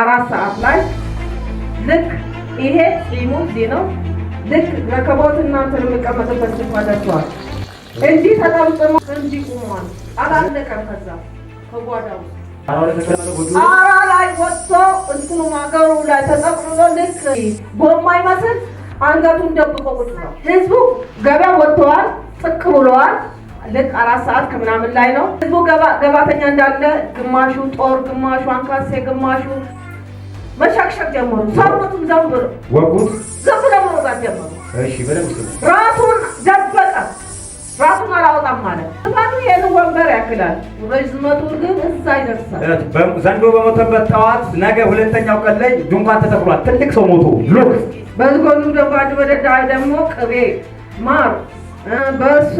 አራት ሰዓት ላይ ልክ ይሄ ጺሙ እዚህ ነው። ልክ ረከቦት እናንተን የምቀመጥበት ስፍራ ደርሰዋል። እንዲህ ተጠምጥሞ እንዲህ ቁሟል። አላለቀም። ከዛ ከጓዳው አራ ላይ ወጥቶ እንትኑ ማገሩ ላይ ተጠቅልሎ ልክ ጎማ ይመስል አንገቱን ደብቆ ቁጭ ነው። ህዝቡ ገበያ ወጥተዋል፣ ጥቅ ብለዋል። ልክ አራት ሰዓት ከምናምን ላይ ነው ህዝቡ ገባተኛ እንዳለ ግማሹ ጦር፣ ግማሹ አንካሴ፣ ግማሹ መሻክሸክ ጀመሩ። ሰውነቱም ዘም ወጉት ዝም ብሎ መውጋት ጀመሩ። እሺ በደምብ ራሱን ደበቀ። ራሱን አላወጣም ማለት ስፋቱ ይህን ወንበር ያክላል፣ ርዝመቱ ግን እዛ ይደርሳል። ዘንዶ በሞተበት ጠዋት ነገ ሁለተኛው ቀን ላይ ድንኳን ተተክሏል። ትልቅ ሰው ሞቶ ሉክ በዝጎኑም ደግሞ አንድ በደዳ ደግሞ ቅቤ ማር በሶ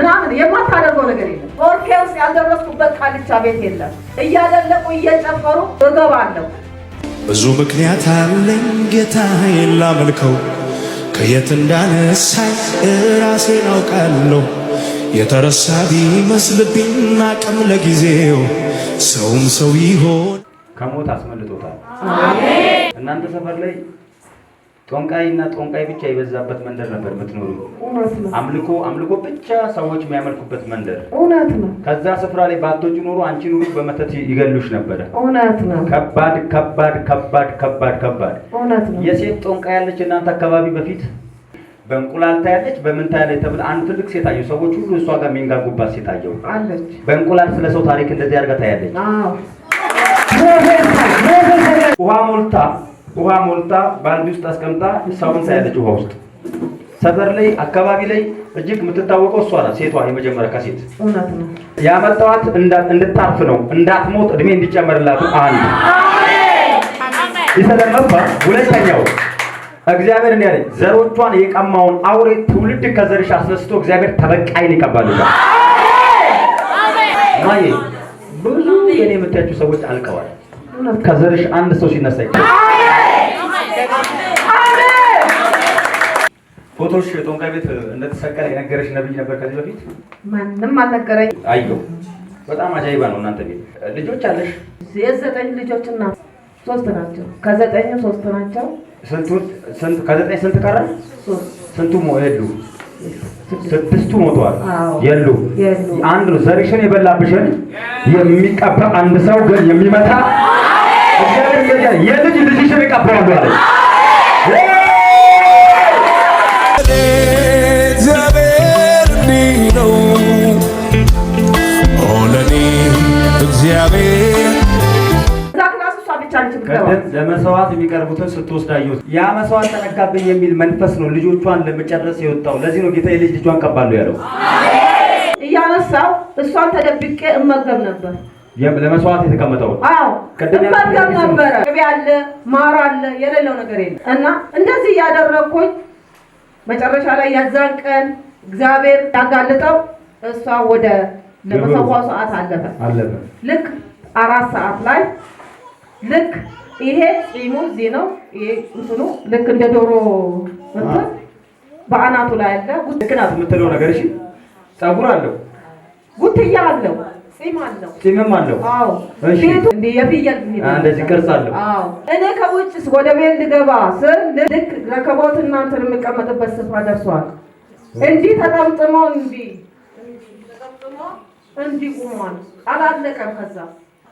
ምናምን የማታደርገው ነገር የለም። ኦርኬ ውስጥ ያልደረስኩበት ቃልቻ ቤት የለም። እያደለቁ እየጨፈሩ እገባለሁ ብዙ ምክንያት አለኝ ጌታዬን ላመልከው ከየት እንዳነሳኝ ራሴን አውቃለሁ። የተረሳ ቢመስልብኝ አቅም ለጊዜው ሰውም ሰው ይሆን ከሞት አስመልጦታል። እናንተ ሰፈር ላይ ጦንቃይ እና ጦንቃይ ብቻ የበዛበት መንደር ነበር የምትኖሩ። አምልኮ አምልኮ ብቻ ሰዎች የሚያመልኩበት መንደር እውነት ነው። ከዛ ስፍራ ላይ ባቶች ኖሩ አንቺ ኑሩ በመተት ይገሉሽ ነበረ። እውነት ነው። ከባድ ከባድ ከባድ ከባድ ከባድ እውነት ነው። የሴት ጦንቃይ ያለች እናንተ አካባቢ በፊት በእንቁላል ታያለች፣ በምን ታያለች ተብለ አንድ ትልቅ ሴት አየሁ። ሰዎች ሁሉ እሷ ጋር የሚንጋጉባት ሴት አየሁ አለች። በእንቁላል ስለ ሰው ታሪክ እንደዚህ አድርጋ ታያለች። ውሃ ሞልታ ውሃ ሞልታ ባልዲ ውስጥ አስቀምጣ ሳውን ሳያለች ውሃ ውስጥ ሰፈር ላይ አካባቢ ላይ እጅግ የምትታወቀው እሷ ናት። ሴቷ የመጀመሪያ ከሴት ያመጣዋት እንድታርፍ ነው፣ እንዳትሞት እድሜ እንዲጨመርላት። አንድ ይሰለመባ ሁለተኛው እግዚአብሔር እንዲህ ያለኝ ዘሮቿን የቀማውን አውሬ ትውልድ ከዘርሽ አስነስቶ እግዚአብሔር ተበቃይን ይቀባል። ብዙ የኔ የምታያቸው ሰዎች አልቀዋል። ከዘርሽ አንድ ሰው ሲነሳ ፎቶሽ ጦንቃይ ቤት እንደተሰቀለ የነገረሽ ነብይ ነበር ከዚህ በፊት? ማንም አልነገረኝ። አየሁ። በጣም አጃይባ ነው። እናንተ ቤት ልጆች አለሽ? የዘጠኝ ልጆች እና ሶስት ናቸው። ከዘጠኝ ሶስት ናቸው። ከዘጠኝ ስንት ቀረ? ስንቱ ሞሄዱ? ስድስቱ ሞቷል። የሉ አንድ ነው። ዘርሽን የበላብሽን የሚቀባ አንድ ሰው ግን የሚመታ ነገር ጋር የልጅ ልጅሽን እቀበዋለሁ እግዚአብሔር ለመስዋዕት የሚቀርቡትን ስትወስድ አየሁት። ያ መስዋዕት ተነካብኝ የሚል መንፈስ ነው ልጆቿን ለመጨረስ የወጣው። ለዚህ ነው ጌታ የልጅ ልጇን ቀባለሁ ያለው። እያነሳው እሷን ተደብቄ እመገብ ነበር። ለመስዋዕት የተቀመጠው አዎ፣ እመገብ ነበረ። ቅቤ አለ፣ ማር አለ፣ የሌለው ነገር የለም። እና እንደዚህ እያደረግኩኝ መጨረሻ ላይ ያዛን ቀን እግዚአብሔር ያጋልጠው እሷ ወደ ለመሰዋ ሰዓት አለፈ አለፈ። ልክ አራት ሰዓት ላይ ልክ ይሄ ፂሙ እዚህ ነው። ይሄ እንትኑ ልክ እንደ ዶሮ እንትን በአናቱ ላይ አለ። የምትለው ነገር እሺ፣ ፀጉር አለው፣ ጉትያ አለው ፂምም አለው። እንደዚህ ቅርጽ አለው። እኔ ከውጭ ወደ ቤት ልገባ ስል ልክ ረከቦት እናንተ የምቀመጥበት ስፍራ ደርሷል። እንዲህ ተጠምጥሞ እንዲህ ተጠምጥሞ እንዲህ ቁሟል። አላለቀም። ከዛ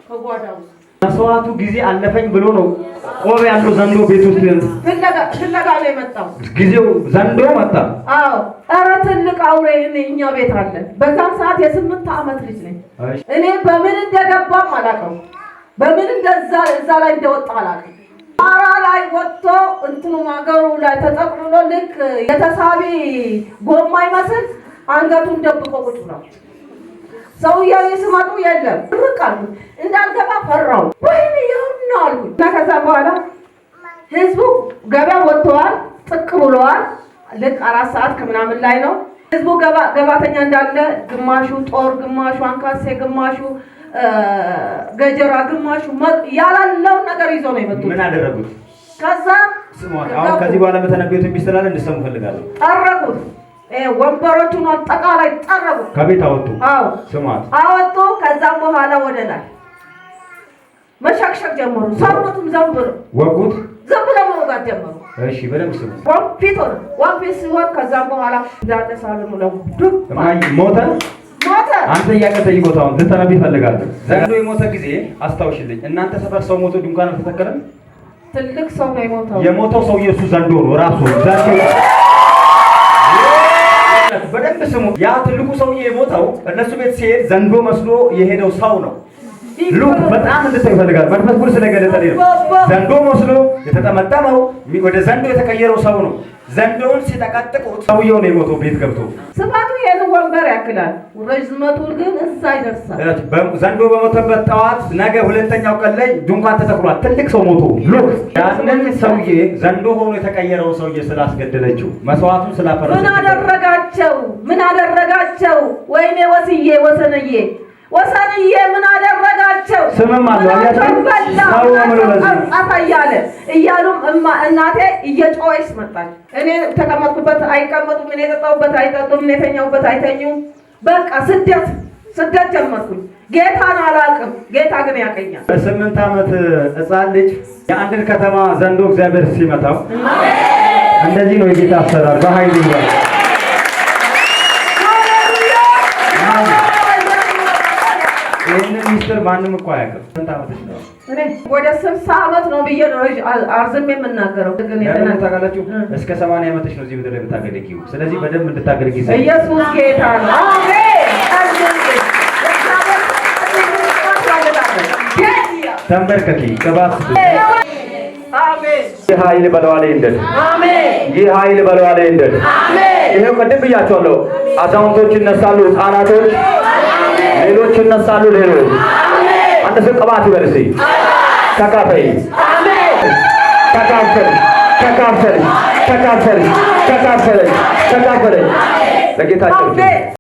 ከጓዳ ውስጥ መስዋዕቱ ጊዜ አለፈኝ ብሎ ነው ቆብ ያለው ዘንዶ ቤት ውስጥ ፍለጋ ነው የመጣው። ጊዜው ዘንዶ መጣ። አዎ፣ ኧረ ትልቅ አውሬ እኔ እኛ ቤት አለ። በዛን ሰዓት የስምንት ዓመት ልጅ ነኝ እኔ። በምን እንደገባም አላውቅም፣ በምን እንደዛ እዛ ላይ እንደወጣ አላውቅም። አራ ላይ ወጥቶ እንትኑ ማገሩ ላይ ተጠቅልሎ ልክ የተሳቢ ጎማ ይመስል አንገቱን ደብቆ ቁጭ ነው። ሰውየው ስመጡ የለም ርቃሉ እንዳልገባ ፈራው። በኋላ ህዝቡ ገበያ ወጥተዋል፣ ጥቅ ብለዋል። ልክ አራት ሰዓት ከምናምን ላይ ነው ህዝቡ ገባተኛ እንዳለ፣ ግማሹ ጦር፣ ግማሹ አንካሴ፣ ግማሹ ገጀራ፣ ግማሹ ያላለውን ነገር ይዞ ነው የመጡት። ምን አደረጉት? ከዛ አሁን ከዚህ በኋላ በተነበዩት የሚስተላለ እንድሰሙ ፈልጋለሁ። ጠረጉት ወንበሮቹን አጠቃላይ ጠረጉት፣ ከቤት አወጡ። አዎ ስሟት፣ አወጡ። ከዛም በኋላ ወደ ላይ መሻክሻክ ጀመሩ። ሰውነቱም ዘንብ ብሎ ወጉት ዘንብ ብሎ መውጋት ጀመሩ። እሺ በደንብ ስሙ። ወንፊት ሆነ። ወንፊት ሲሆን ከዛም በኋላ ዛለ ሳልኑ ለሁ ሞተ አንተ እያቀ ጠይቆት አሁን ልታነብ ይፈልጋለሁ። ዘግሎ የሞተ ጊዜ አስታውሽልኝ። እናንተ ሰፈር ሰው ሞቶ ድንኳን አልተተከለም። ትልቅ ሰው ነው የሞተው። የሞተው ሰው የእሱ ዘንዶ ነው ራሱ ዘንዶ በደንብ ስሙ። ያ ትልቁ ሰውዬ የሞተው እነሱ ቤት ሲሄድ ዘንዶ መስሎ የሄደው ሰው ነው ሉክ በጣም እንድታይ ይፈልጋል። መንፈስ ቅዱስ ስለገለጠ ዘንዶ መስሎ የተጠመጠመው ወደ ዘንዶ የተቀየረው ሰው ነው። ዘንዶውን ሲጠቀጥቁት ሰውየው ነው የሞተው። ቤት ገብቶ ስፋቱ ይህን ወንበር ያክላል፣ ርዝመቱ ግን እዛ ይደርሳል። ዘንዶ በሞተበት ጠዋት ነገ ሁለተኛው ቀን ላይ ድንኳን ተተክሏል። ትልቅ ሰው ሞቶ ሉክ ያንን ሰውዬ ዘንዶ ሆኖ የተቀየረው ሰውዬ ስላስገደለችው መስዋዕቱን ስላፈረ ምን አደረጋቸው? ምን አደረጋቸው? ወይኔ ወስዬ ወሰንዬ ወሰንዬ ምን አደረ በላቸው ስምም አለው እያለ እያሉም እናቴ እየጮኸች መጣች። እኔ ተቀመጥኩበት አይቀመጡም፣ እኔ የጠጣሁበት አይጠጡም፣ እኔ የተኛሁበት አይተኙም። በቃ ስደት ስደት ጀመርኩኝ። ጌታን አላውቅም፣ ጌታ ግን ያቀኛል። በስምንት ዓመት ህፃን ልጅ የአንድን ከተማ ዘንዶ እግዚአብሔር ሲመታው እንደዚህ ነው የጌታ አሰራር በኃይል ማንም እኮ አያውቅም። ስንት ዓመት ነው? እኔ ወደ ስልሳ ዓመት ነው ብዬ ነው አርዝም የምናገረው። ታውቃላችሁ እስከ ሰማንያ ዓመትሽ ነው እዚህ ምድር ላይ የምታገለግይው። ስለዚህ በደንብ እንድታገለግይ ኢየሱስ ጌታ ነው። ተንበርከኪ ቅባት ይህ ኃይል በለዋ ላይ እንደድ ይህ ኃይል በለዋ ላይ እንደድ ይሄው ቅድም ብያቸዋለሁ። አዛውንቶች ይነሳሉ፣ ህፃናቶች ሌሎች ይነሳሉ፣ ሌሎች አንድ ሰው ቅባት ይበል። እስኪ ተካፈይ ተካፈል ተካፈል ተካፈል ተካፈል ለጌታችን